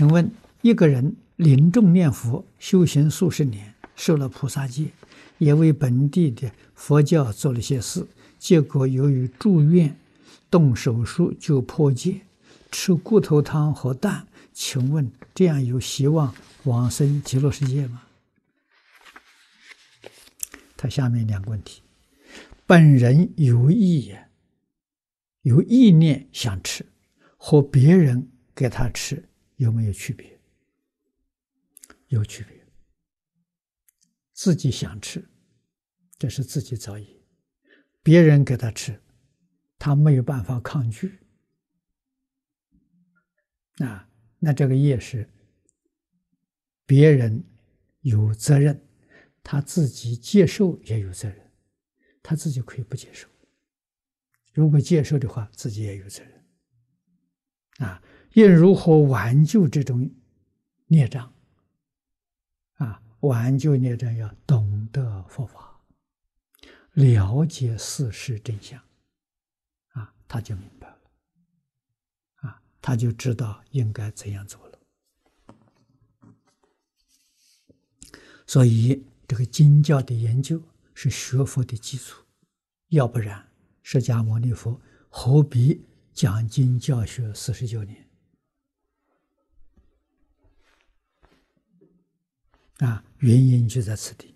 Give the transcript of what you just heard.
請問，一個人臨終念佛修行數十年，受了菩薩戒，也為本地的佛教做了些事，結果由於住院動手術就破戒，吃骨頭湯和蛋。請問這樣有希望往生極樂世界嗎？他下面兩個問題：本人有意也，有意念想吃，和別人給他吃。有沒有區別？有區別。自己想吃，這是自己造業；別人給他吃，他沒有辦法抗拒。啊，那這個業是別人有責任，他自己接受也有責任，他自己可以不接受。如果接受的話，自己也有責任。啊。應如何挽救這種孽障？啊，挽救孽障要懂得佛法，了解事實真相，啊，他就明白了，啊，他就知道應該怎樣做了。所以，這個經教的研究是學佛的基礎，要不然，釋迦牟尼佛何必講經教學四十九年？啊，原因就在此地。